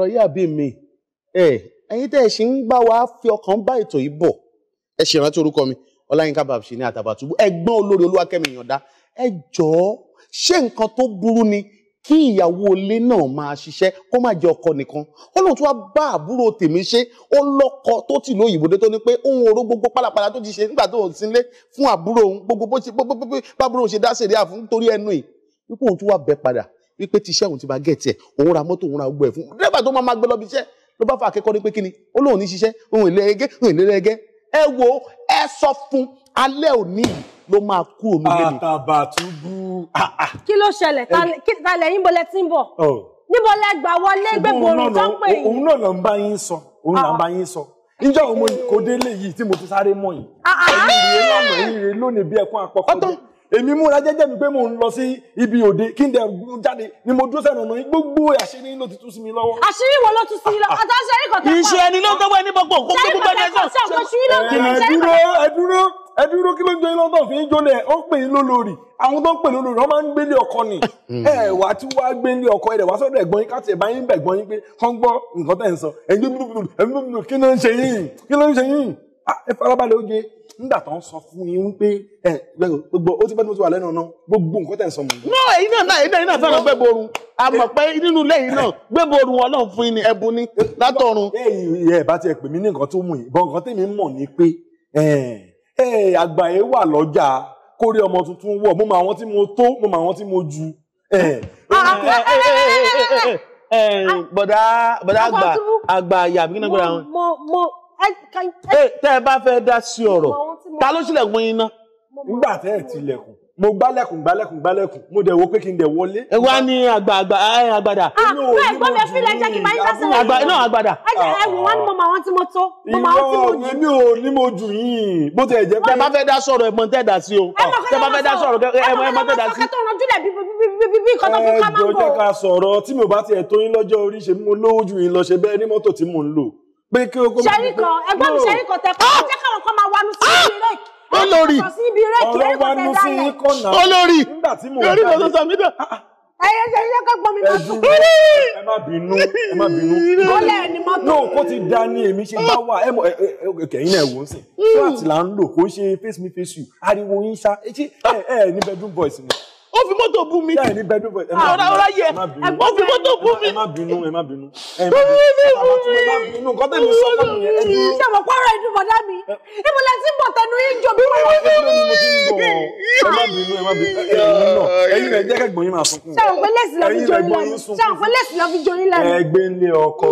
ọ̀rọ̀ yìí àbí mi ẹ ẹ̀yin tẹ́ ẹ ṣì ń bá wa fi ọkàn bá ètò yìí bọ̀ ẹ ṣe ìrántí orúkọ mi ọláyínká bàbṣe ní àtàbàtúbú ẹ̀gbọ́n olórí olúwakẹ́mi ìyànda ẹ jọ̀ọ́ ṣé nǹkan tó burú ni kí ìyàwó ilé náà máa ṣiṣẹ́ kó má jẹ ọkọ nìkan ó lóun tó wá bá àbúrò tèmi ṣe ó lọ́kọ tó ti lóyìn ìbòdó tó ní pé òun oró gbogbo pálapàla tó ti ṣe nígbà tó ń sílé fún àbúrò òun gbogbo bó ṣe bábúrò òun ṣe dá sèré àfún torí ẹnu yìí wípé òun tó wá bẹ padà wípé tíṣẹ́ òun ti bá gẹ̀ẹ́tì ẹ̀ òun ra mọ́tò òun ra gbọ́ ẹ̀ fún dẹ́gbà tó máa gbé lọ́bi iṣẹ́ ló bá fa akẹ́kọ̀ọ́ ní pé kíni ó lóun ní ṣiṣẹ́ òun ìlẹ́gẹ́ òun ìlẹ́gẹ́ ẹ wo ẹ sọ fún alẹ́ òní ló máa kú omi lẹ́nu. àtàbàtúbú. kí ló ṣẹlẹ̀ ta lẹ́yìn bọ́lẹ̀ tí ń bọ̀ oh. níbo gbà wọlé gbẹgbòrò èmi múra jẹ́jẹ́ mi pé mò ń lọ sí ibi òde kí n dẹ̀ jáde ni mo dúró sẹ́nu ọ̀nà yìí gbogbo àṣírí ló ti tú sí mi lọ́wọ́. àṣírí wo ló tú sí lọ ah, ah. àti àṣírí kan tẹ́kọ̀ọ́. ìṣe ẹni ló tọ́wọ́ ẹni bọ́gbọ̀ kó gbogbo ẹni ẹjọ́. ẹdúró ẹdúró ẹdúró kí ló ń jọ iná tó fi ń jólẹ̀ ó pè é lólorì àwọn tó ń pè lólorì wọ́n máa ń gbélé ọkọ ni hmm. ẹ wà á ti wá gbélé ọkọ ẹ wà á sọ́dọ̀ ẹ̀gbọ́n yín káàtì ẹbá yín bẹ̀gbọ́n yín pé kán gbọ́ nǹkan tẹ́ ń sọ ẹyin kí ló ń ṣe yín kí ló ń ṣe yín ah, ẹ farabalẹ̀ oje nígbà tó ń sọ fún yín wípé ẹ gbogbo ó ti pẹ́ tí ti wà lẹ́nu ọ̀nà gbogbo nǹkan tẹ̀ ń sọ mọ̀. náà ẹ̀yin náà náà náà fẹ́ràn gbẹ́bọ̀ orun àmọ̀ pé nínú ilé náà gbẹ́bọ̀ orun ọlọ́run fún yín ni ẹ̀bùn ni látọ̀run. ẹ bá tiẹ̀ pè mí ní nǹkan tó mú yìí bọ́ nǹkan tèmi mọ̀ ni pé àgbà yẹn wà lọ́jà kórè ọmọ tuntun wọ̀ mo mọ àwọn tí mo tó mo mọ àwọn tí mo ju bọ̀dá àgbà àyà bí kí náà gbọ́dọ̀ ẹ bá fẹ́ dá sí ọ̀rọ̀ ta ló ṣílẹ̀kùn yín náà. nígbà tẹ́ ẹ̀ tilẹ̀kùn mo gbálẹ̀kùn gbálẹ̀kùn gbálẹ̀kùn mo dẹ̀ wo pé kí n dẹ̀ wọlé. ẹ wá ní àgbààgbà ẹ àgbàdà. àpẹ ah, ẹ̀gbọ́n mi fílẹ jẹ kí n bá yín lásán lẹ́yìn. àgbà náà àgbàdà. ẹ jẹ ẹ wò wọn ni mo mọ àwọn tí mo tó. ìwọ èmi ò ní mo jù yín bó tẹ jẹ pé. ẹ bá fẹ́ dá sọ̀rọ̀ ẹ mọ tẹ́ dà sí o. ẹ bá fẹ́ dá sọ̀rọ̀ ẹ mọ tẹ́ dà sí. ẹ jọ jẹ́ ká sọ̀rọ̀ tí mo bá tiẹ̀ tó yín lọ́jọ́ orí ṣe mo lówó ju yín lọ ṣe bẹ́ẹ̀ ní mọ́tò tí mò ń lò pé kí o kó. ṣẹ́rí kan ẹgbọ́n mi ṣẹ́rí kan tẹ kọ́ ah! jẹ́ káwọn kan máa wánú sí ibi rẹ́ẹ̀kì. Ah! olórí ọ̀rọ̀ wánú sí ikọ̀ náà. olórí lórí mo sọ mí dà. ẹyẹ ṣe iṣẹ́ kọ́ gbọ́n mi náà sùn. ẹ má bínú ẹ má bínú. kọ́lẹ̀ ẹni mọ́tò. náà kó ti da ni èmi ṣe bá wà ẹ mọ kẹ̀yìn náà wò ó sìn. Hmm. flat là ń lò kó ṣe face me face you ariwo yín ṣá ẹ ní bedroom voice ni ó fi mọ́tò bú mi. bẹ́ẹ̀ ni bẹ́ẹ̀ dúpọ̀ ẹ má bínú ó fi mọ́tò bú mi. ẹ má bínú ẹ má bínú. ó fi mọ́tò bú mi. nǹkan tẹ̀ mí sọ́kàn nìyẹn ẹ dúró. ṣé àwọn pọ́nrọ́ ẹ̀dùn bọ̀dá mi níbo la ti ń bọ̀ tẹnu yín jọ bí wọ́n wá sí mi. ẹ má bínú ẹ má bínú ẹ yín náà ẹyin rẹ jẹ́ kẹ́gbọ́n yín máa sunkún. ṣé àwọn pẹ́lẹ́sì lọ fi jorí lẹ́nu ṣé àwọn pẹ́lẹ́sì lọ fi jorí lẹ́nu. ẹ gbé ilé ọkọ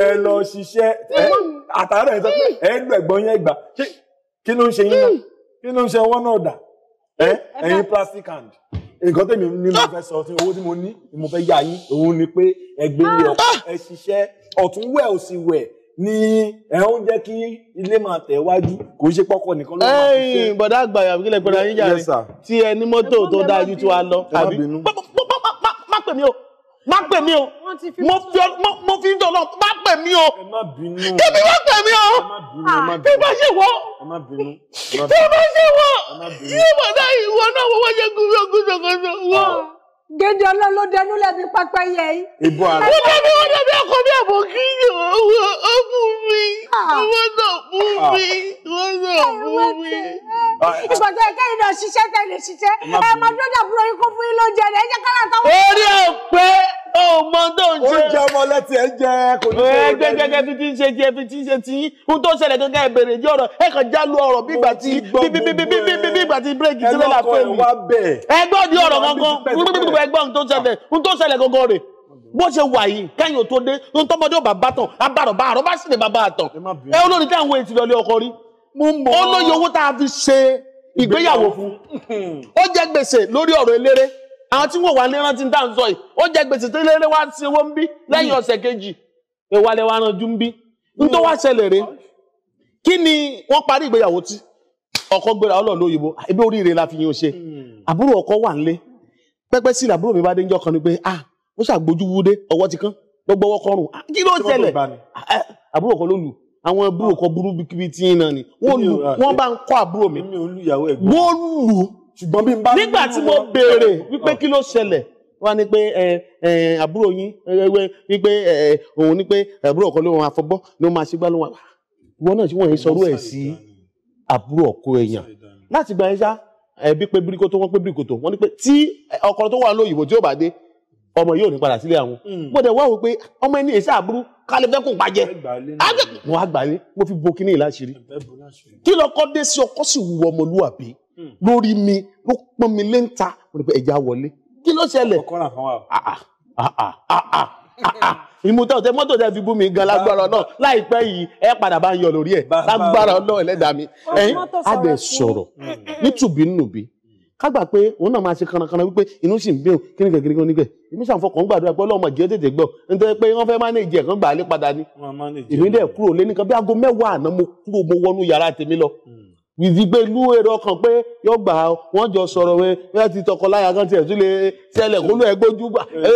ẹ lọ ṣiṣẹ́ àtàrà ẹ sọ pé ẹ lọ yẹn gbà kí ló ń ṣe yín náà hmm. kí ló ń ṣe ọwọ́ náà dà ẹyin plastic hand nǹkan tèmi ni mo fẹ́ sọ tí owó tí mo ní ni mo fẹ́ yá yín òun ni pé ẹgbẹ́ ilé ọkọ ah! ẹ ṣiṣẹ́ ọ̀tún wẹ̀ òsì wẹ̀ ni ẹ ń jẹ́ kí ilé máa tẹ̀ wájú kò ń ṣe pọ́kọ nìkan ló máa fi ṣe. bọ̀dá àgbàyà kílẹ̀ gbọ́dọ̀ yín yára tí ẹ ní mọ́tò tó dáa ju tiwa lọ. má bínú má pè mí o má pè mí o mo fi ń dọ̀ náà má pè mí o kébí má pè mí o bí bá ṣe wọ́ bí bá ṣe wọ́ yóò mọ̀ náà ìwọ náà wọ́n wáyé gúnmí ogún ṣokoṣo wọ́. Gédé ọlọ́lọ́ dẹnu lẹ́bi pẹ́pẹ́ yẹ yìí. Ibo àná. Wọ́n dábí wọ́n dábí ọkọ ní àbòkí yìí. Owó fún mi. Owó náà fún mi ìgbà tó yẹ kẹ́yìn náà ṣiṣẹ́ tẹ̀lé ṣiṣẹ́ ẹ mọ tó dàbúrò yín kó fún yín lóúnjẹ rẹ̀ ẹ jẹ́ kára táwọn. orí ò pé ó mọ tó ń jẹ. oúnjẹ ọmọ lẹ́tì ẹ jẹ kò ní. ẹ gẹgẹgẹ bí tí ń ṣe tiẹ bí tí ń ṣe tiyín ohun tó ṣẹlẹ̀ gẹ́gẹ́ ìbèrè jẹ́ ọ̀rọ̀ ẹ kàn já lu ọ̀rọ̀ bí ìgbà tí bí ìgbà tí bírèkì tí lọ́la pé mi. ẹ gbọ́ ọ̀rọ̀ gangan ẹ bó ṣe wà yìí kẹ́yìn ò tó dé ohun tọ́mọdé ò bá bá tàn abárọ̀bá àrọ́bá sì lè bá bá tàn ẹ olórí tí àwọn ètùlọ́lé ọkọ rí mo mọ̀ ó lóye owó tá a fi ṣe ìgbéyàwó fún ó jẹ gbèsè lórí ọ̀rọ̀ eléré àwọn tí wọn wà ní rántí tá à ń sọ yìí ó jẹ gbèsè tó eléré wá sí owó ń bí lẹ́yìn ọ̀sẹ̀ kejì ìwàlẹ̀ wa ranjú ń bí n tó wá ṣẹlẹ̀ rèé kí ni wọ́n parí ìgbéyàwó tí ọkọ gbéra ọlọ lóyìnbó ebi oríire la fi yín o ṣe hmm. àbúrò ọkọ wà nílé pẹpẹ sí làbúrò mi bá dé ń jọ kan ni pé ah ó ṣàgbójú wúdé ọwọ́ ti kán gbogbo ọwọ́ kọrùn ah, kí ló ṣẹlẹ̀ ah, eh, àbúrò kan ló lù àwọn búrò kan burú bíi tí ń nani wọ́n bá ń kọ́ àbúrò mi wọ́n lù ṣùgbọ́n bí n bá nígbà tí mo béèrè wípé ah. kí ló ṣẹlẹ̀ wọ́n ní pé àbúrò yín wípé òun ní pé àbúrò ọkọ ló wọn àfọbọ́ ló máa ṣe gbá ló wọn wọn náà ṣe wọ́n yẹn sọ̀rọ̀ ẹ̀ sí àbúrò ọkọ èèyàn láti gba ẹja ẹbí pé bíríkótó wọ́n pé bíríkótó wọ́n ní pé tí ọkọ tó wà lóyìnbó tí ó bá dé ọmọ yóò ní padà sílé àwọn hmm. mo dẹ̀ wá wò pé ọmọ ẹni èsì àbúrú kálẹ̀ fẹ́ kó pa jẹ wọn á gbàlé mo fi bo kíní ìláṣìírí kí lọkọ dé sí ọkọ sì wù ọmọlúwàbí hmm. lórí mi ló pọn mi lé ń ta mo ní pẹ ẹja wọlé kí ló ṣẹlẹ̀ ah, ah, ah, ìmúta ọ̀tẹ mọ́tò tẹ fi bú mi gan lágbára náà láìpẹ́ yìí ẹ padà bá ń yọ lórí ẹ̀ lágbára náà ẹlẹ́dàá mi ẹ̀yin á dẹ̀ sọ̀rọ̀ hmm. nítùbínúbí kágbà pé òun náà máa ṣe kanrakanra wípé inú sì ń bí òun kí ni kẹ̀kiri kan níkẹ̀ èmi ṣàǹfọkàn gbàdúrà pé ọlọ́mọ jẹ́ tètè gbọ́ nítorí pé wọ́n fẹ́ mánéèjì ẹ̀kan gbà lé padà ni èmi dẹ̀ kúrò lé nìkan bí aago mẹ́wàá àná mo kúrò mo wọnú yàrá tèmi lọ hmm. ìdìgbé lú èrò ọkàn pé yóò gbà á wọ́n jọ sọ̀rọ̀ wẹ wẹ́n ti tọkọláya kan tiẹ̀ tún lè ṣẹlẹ̀ kó ló eh, eh, ẹ gbójú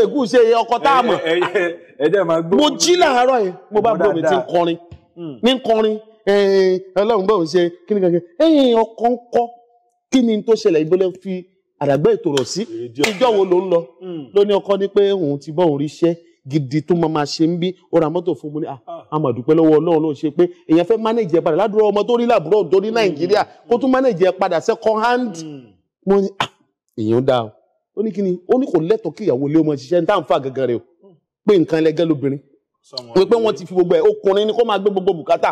ẹ̀kú ṣe ọkọ tá a mọ̀ eh, mo jí làárọ̀ yẹn mo bá gbọ́ mi ti ń kọrin hmm. ní ń kọrin ọlọ́run bọ̀ ń ṣe kí ni kankan ẹ̀yìn kí ni tó ṣẹlẹ̀ ìbọlẹ̀ fi àdàgbẹ́ ìtòrọ̀ sí ìjọ wo ló ń lọ hmm. ló ní ọkọ ní pé òun ti bọ́ òun ríṣẹ́ gidi tó máa ṣe ń bí ó ra mọ́tò fún mi ní àmọ́ ah, ah. dúpẹ́ lọ́wọ́ ọlọ́run ló ṣe pé èèyàn fẹ́ mánéjì padà ládùúrọ̀ ọmọ tó rí làbúrò tó ní nàìjíríà kó tún mánéjì padà second hand hmm. mo ní ah, èèyàn dá o ó ní kí ni ó ní kò lẹ́tọ̀ọ́ kí ìyàwó ilé ọmọ ṣiṣẹ́ ní táǹfà gangan rẹ o hmm. pé nǹkan ẹlẹgẹ́ lóbìnrin wípé wọ́n ti fi gbogbo ẹ̀ ọkùnrin ni kó máa gbé gbogbo bùkátà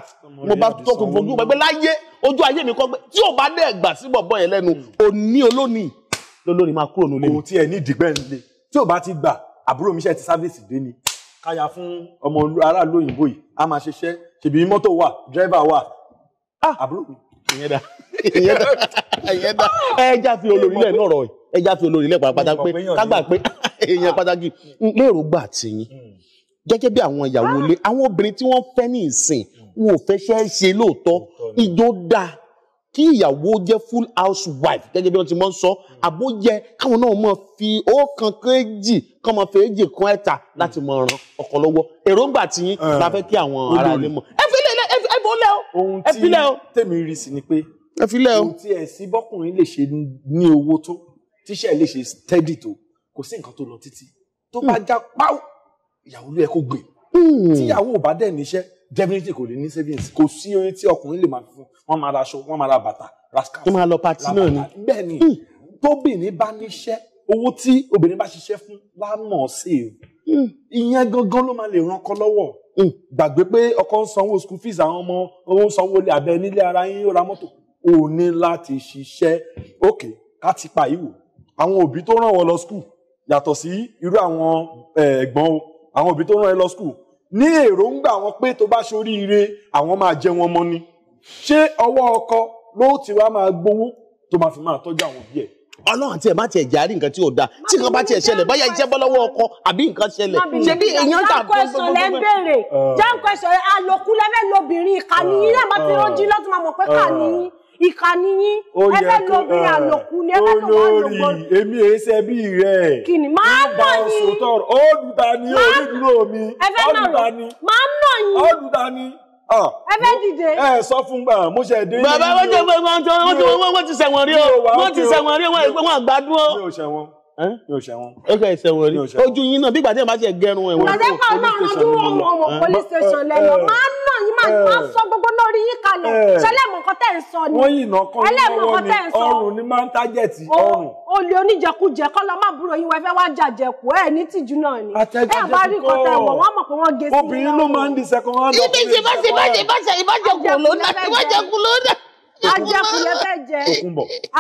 mo bá tọkùn fojú gbẹgbẹ láyé ojú ayé mi kọ́ gbé tí ò bá dẹ̀ gbà sí bọ̀bọ̀ yẹn lẹ́nu òní olónìí lólónìí máa kúrò nílé. kò tiẹ̀ ní ìdìgbẹ́ nílé tí ò bá ti gbà àbúrò mi ṣe ti sáfíìsì dé ni káyà fún ọmọ aráàlú òyìnbó yìí a máa ṣiṣẹ́ ṣèbí mọ́tò wà dírẹ́fà wà ah! àbúrò mi. ìyẹn dá ìyẹn dá ìyẹn dá ẹja fi olórílẹ̀ náà rọ̀ ẹja fi olórílẹ̀ pàápàá pé kágbà pé èèyàn pàtàkì lérò gbà tiyín hmm gẹ́gẹ́ bí àwọn ìyàwó ilé àwọn obìnrin tí wọ́n fẹ́ ní ìsìn wọn ò fẹ́ ṣe é ṣe lóòótọ́ ìjọ dáa kí ìyàwó jẹ́ full house wife gẹ́gẹ́ bí wọ́n ti mọ̀ ń sọ hmm. àbó yẹ káwọn náà máa fi ọ̀kan kejì kán máa fi èjì kan ẹ̀ta láti máa ran ọkọ lọ́wọ́ èròǹgbà tiyín hmm. la fẹ́ kí àwọn ará ilé mọ̀ ẹ fi lẹ̀ ẹ bọ́ lẹ́ o ẹ fi lẹ̀ o. ohun tí tèmi rí sí ni pé ẹ fi lẹ̀ o ohun tí ẹ̀sìn bọ́kùnrin lè ṣe ní owó tó tíṣẹ́ lè ṣe steady tó kò sí nǹkan tó lọ títí tó bá hmm. já páù ìyàwó ló yẹ kó gbé hmm. tíyàwó ò bá dẹ̀ níṣẹ́ definitely kò lè ní savings kò sí orin tí ọkùnrin lè máa fi fún wọn máa ra aṣọ wọn máa ra bàtà rascal. tó máa lọ pati náà ni. bẹ́ẹ̀ ni hmm. tóbìnrin bá níṣẹ́ owó tí obìnrin bá ṣiṣẹ́ fún lámọ̀ sí i hmm. ìyẹn gangan ló máa lè ran ọkọ lọ́wọ́ gbàgbé pé ọkọ ń sanwó school fees àwọn ọmọ owó ń sanwó ilé abẹ nílé ara yín ó ra mọ́tò ò ní láti ṣiṣẹ́ òkè ká ti pa ìwò àwọn òbí tó ràn wọ́n lọ school yàtọ̀ sí irú àwọn eh, ẹ̀gbọ́n o àwọn òbí tó rán ẹ lọ school ní èròǹgbà wọn pé tó bá ṣoríire àwọn máa jẹ wọn mọ́ ni ṣé ọwọ́ ọkọ ló ti wá máa gbowó tó máa fi máa tọ́jú àwọn òbí ẹ̀. Ọlọ́run tí ẹ bá tiẹ̀ járí nǹkan tí ò dáa tí nǹkan bá tiẹ̀ ṣẹlẹ̀ bóyá iṣẹ́ bọ́ lọ́wọ́ ọkọ àbí nǹkan ṣẹlẹ̀ ṣe bí èèyàn tà bọ́ bọ́ ìkà nìyí ẹlẹ́nu obìnrin ah, àlòkù ni ẹlẹ́nu wọn lògbò. olórí èmi èé ṣe bí rẹ. kì ní máa ń nà yín. olùta ni onídùúró mi olùta ni olùta ni ẹ fẹ́ dìde. ẹ sọ fún gbà mo ṣe dé. bàbá wọn jẹ pé wọn ti wọn ti ṣẹ̀wọ̀n rí o wọn ti ṣẹ̀wọ̀n rí o wọn àgbàdo. mi ò ṣẹ̀wọ̀n mi ò ṣẹ̀wọ̀n. ok ṣẹ̀wọ̀n rí ojú yín náà bí ìgbà tí ẹ bá ṣe gẹrun ẹ̀wọ̀n. ọ̀dẹ́kọ̀ọ́ náà lójú ọmọ police station lẹ́nu máa ń náà yín eh. máa sọ gbogbo lórí yín kalẹ̀ eh. ṣẹlẹ́mọ̀ nǹkan tẹ́ ń sọ ni wọ́n yìnbọn kan lọ́wọ́ ni ọrùn ni máa ń tájẹ̀tì ọrùn. olè oníjẹkújẹ kọ́ lọ́ọ́ má búrò yín wọ́n fẹ́ wá jàjẹkù ẹ̀ ní tìjú náà ni ẹ̀ bá rí nǹkan tẹ̀ wọ̀ wọ́n mọ̀ pé wọ́n gé sí i. obìnrin ló máa ń di second hand of the ìbájẹ ajẹkulẹ fẹ́ jẹ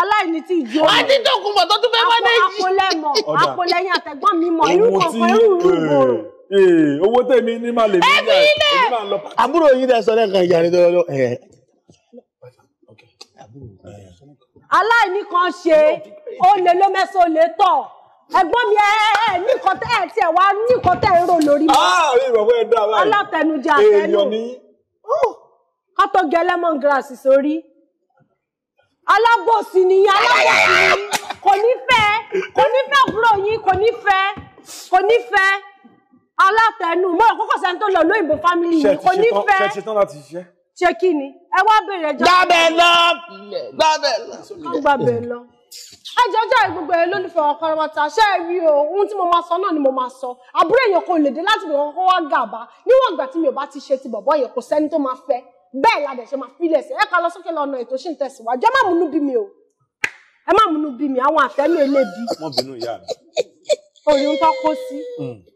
aláìní tí ìjọ wọn àti tòkunbọ tó tún fẹ́ wá méjì àpò àpò lẹmọ àpò lẹ́yìn àtẹ̀gbọ́n mi irú kọkàn irú rúgbòrò Eh, owó tèmi ní má lè mí jà èmi máa ń lọ. àbúrò yìí dẹ sọ lẹ́ẹ̀kan ìjà rẹ tó lọ. aláìní kan ṣe olè ló mẹ́sàn olè tọ̀ ẹ̀gbọ́n mi ẹ nìkan tẹ ẹ tiẹ̀ wá nìkan tẹ ẹ rò lórí mi. Ah, alátẹnujẹ àtẹnu oh! ká tó gẹ lemon grass sórí alábòsí nìyí alábòsí kò ní fẹ́ kò ní fẹ́ àbúrò yín kò ní fẹ́ kò ní fẹ́ alátẹnu mọ́ òkúkọ̀ sẹ́ni tó lọ lóyìnbó fámìlì yìí kò ní fẹ́ ṣe tán láti ṣiṣẹ́. ṣé kí ni ẹ wá bèrè ẹjọ́. gbàbẹ̀ lọ gbàbẹ̀ lọ. wọ́n gbàbẹ̀ lọ. ẹjọ́ jẹ́ gbogbo ẹ̀ lólùfẹ́ ọ̀kọ́rọ́mọta ṣé ẹ rí o ohun tí mo máa sọ náà ni mo máa sọ àbúrò èèyàn kan lè dé láti bẹ̀rẹ̀ kó wá gàba níwọ̀n ìgbà tí mi ò bá ti ṣe ti bọ̀bọ̀ yẹn kò sẹ́ni tó máa fẹ́ bẹ́ẹ̀ la dẹ̀ ṣe máa fi lẹ̀sẹ̀ ẹ̀ka lọ sókè lọ́nà ètò ṣì ń tẹ̀síwájú ẹ má múnú bí mi o ẹ má múnú bí mi àwọn àtẹ́nu elébi. wọ́n bínú ìyá mi. òyìnbó kó sí. Hmm.